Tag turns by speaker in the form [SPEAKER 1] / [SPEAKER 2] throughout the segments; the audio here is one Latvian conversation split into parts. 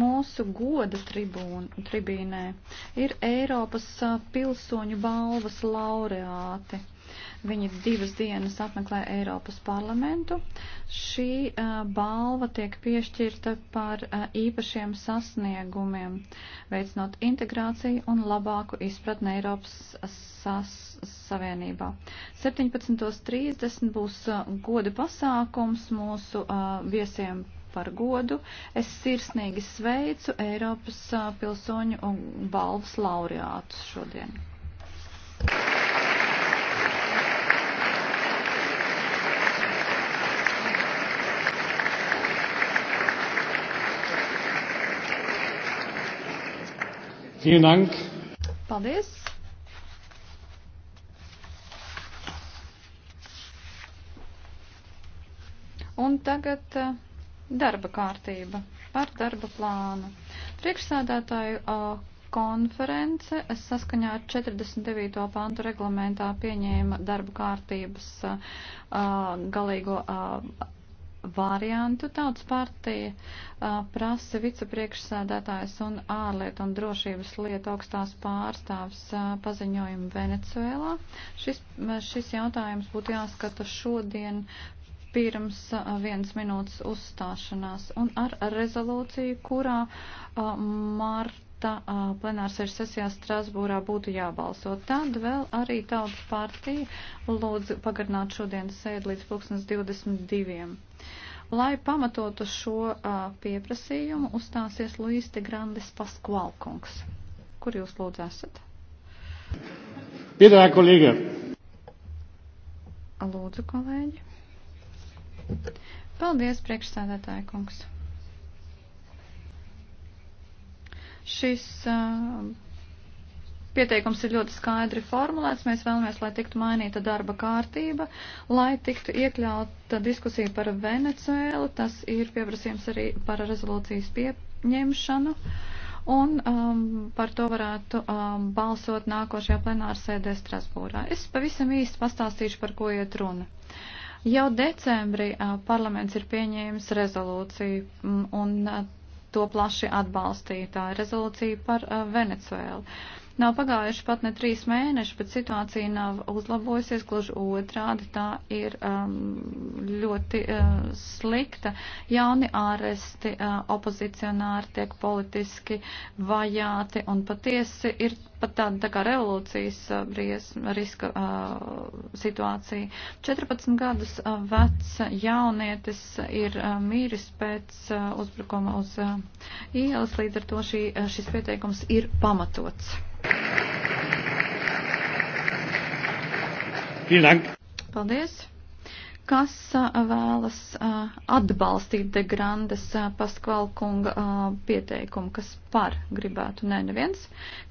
[SPEAKER 1] Mūsu goda tribūna, tribīnē ir Eiropas pilsoņu balvas laureāti. Viņi divas dienas apmeklē Eiropas parlamentu. Šī uh, balva tiek piešķirta par uh, īpašiem sasniegumiem, veicinot integrāciju un labāku izpratni Eiropas sas, Savienībā. 17.30 būs uh, goda pasākums mūsu uh, viesiem par godu. Es sirsnīgi sveicu Eiropas pilsoņu un balvas laureātus šodien. Paldies! Un tagad Darba kārtība par darba plānu. Priekšsādātāju uh, konference saskaņā ar 49. pantu reglamentā pieņēma darba kārtības uh, galīgo uh, variantu. Tautas partija uh, prasa vicepriekšsēdētājs un ārlietu un drošības lietu augstās pārstāvs uh, paziņojumu Venecuēlā. Šis, šis jautājums būtu jāskata šodien pirms vienas minūtes uzstāšanās un ar rezolūciju, kurā marta plenārsēžu sesijā Strasbūrā būtu jābalso. Tad vēl arī tautas partija lūdzu pagarināt šodienas sēdi līdz 2022. Lai pamatotu šo pieprasījumu, uzstāsies Luis de Grandes Paskvalkungs. Kur jūs lūdzu esat? Piedā, kolēģi. Lūdzu, kolēģi. Paldies, priekšsēdētāja kungs. Šis uh, Pieteikums ir ļoti skaidri formulēts. Mēs vēlamies, lai tiktu mainīta darba kārtība, lai tiktu iekļauta diskusija par Venecuēlu. Tas ir pieprasījums arī par rezolūcijas pieņemšanu. Un um, par to varētu um, balsot nākošajā plenārsēdē Strasbūrā. Es pavisam īsti pastāstīšu, par ko iet runa. Uh, Jau decembrī parlaments ir pieņēmis rezolūciju un to plaši atbalstītāja rezolūcija par Venecuēlu. Nav pagājuši pat ne trīs mēneši, bet situācija nav uzlabojusies, gluži otrādi tā ir um, ļoti uh, slikta. Jauni āresti, uh, opozicionāri tiek politiski vajāti un patiesi ir pat tāda tā kā revolūcijas uh, bries, riska uh, situācija. 14 gadus uh, vecs jaunietis ir uh, mīris pēc uh, uzbrukuma uz uh, ielas, līdz ar to šī, uh, šis pieteikums ir pamatots. Paldies! Kas vēlas atbalstīt De Grandes Paskvalkunga pieteikumu, kas par gribētu? Nē, ne, neviens.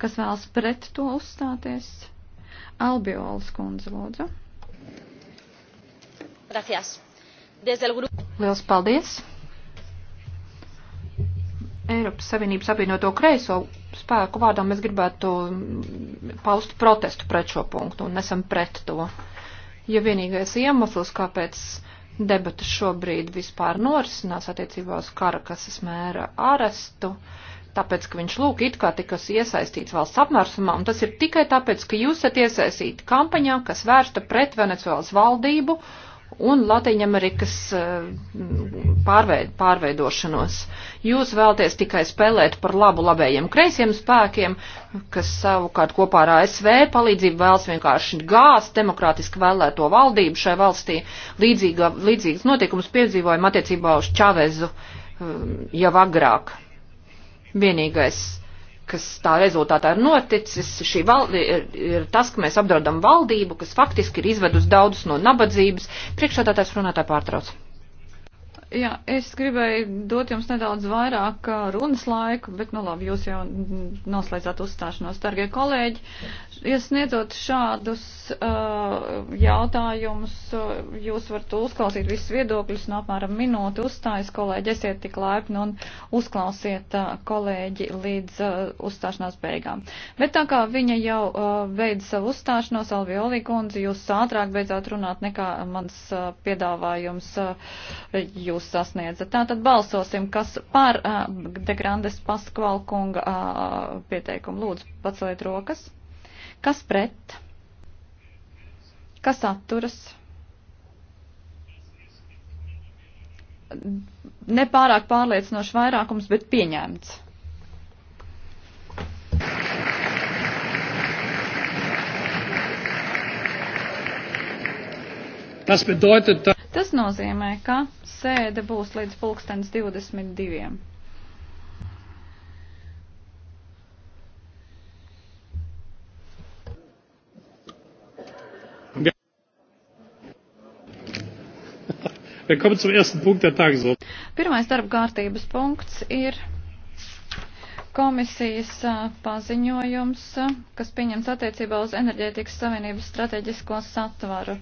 [SPEAKER 1] Kas vēlas pret to uzstāties? Albiolas kundze, lūdzu.
[SPEAKER 2] Gracias. Liels paldies! Eiropas Savienības apvienoto kreiso spēku vārdā mēs gribētu paust protestu pret šo punktu un esam pret to. Ja vienīgais iemesls, kāpēc debatas šobrīd vispār norisinās attiecībā uz Karakasas mēra arestu, tāpēc, ka viņš lūk it kā tikas iesaistīts valsts apmērsumā, un tas ir tikai tāpēc, ka jūs esat iesaistīti kampaņā, kas vērsta pret Venecuēlas valdību un Latvijas-Amerikas eh, pārveid, pārveidošanos. Jūs vēlties tikai spēlēt par labu labējiem kreisiem spēkiem, kas savukārt kopā ar ASV palīdzību vēlas vienkārši gāzt demokrātiski vēlēto valdību šai valstī. Līdzīga, līdzīgas notikums piedzīvojam attiecībā uz Čavezu eh, jau agrāk. Vienīgais kas tā rezultātā ir noticis, šī valdi, ir, ir tas, ka mēs apdraudam valdību, kas faktiski ir izvedus daudzus no nabadzības. Priekšādātājs runātā pārtrauc.
[SPEAKER 1] Jā, es gribēju dot jums nedaudz vairāk uh, runas laiku, bet, nu labi, jūs jau noslēdzāt uzstāšanos, dargie kolēģi. Iesniedzot šādus uh, jautājumus, uh, jūs varat uzklausīt visus viedokļus, no apmēram minūti uzstājas kolēģi, esiet tik laipni un uzklausiet uh, kolēģi līdz uh, uzstāšanās beigām. Bet tā kā viņa jau uh, beidz savu uzstāšanos, Alviolī kundze, jūs ātrāk beidzāt runāt nekā mans uh, piedāvājums. Uh, jūs jūs sasniedzat. Tātad balsosim, kas par uh, De Grandes Paskval kunga uh, pieteikumu. Lūdzu, paceliet rokas. Kas pret? Kas atturas? Nepārāk pārliecinoši vairākums, bet pieņemts. Tas bedeutet, Tas nozīmē, ka sēde būs līdz pulkstens 22. Pirmais darba kārtības punkts ir Komisijas paziņojums, kas pieņems attiecībā uz enerģētikas savienības strateģisko satvaru.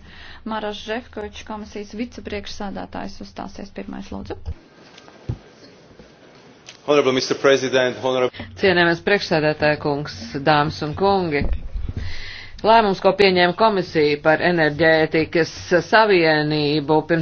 [SPEAKER 1] Maras Žefkovičs, komisijas vicepriekšsādātājs, uzstāsies pirmais lūdzu. Honorable Mr. President, honorable... Cienējamies priekšsēdētāja kungs, dāmas un kungi. Lēmums, ko pieņēma komisija par enerģētikas savienību pirms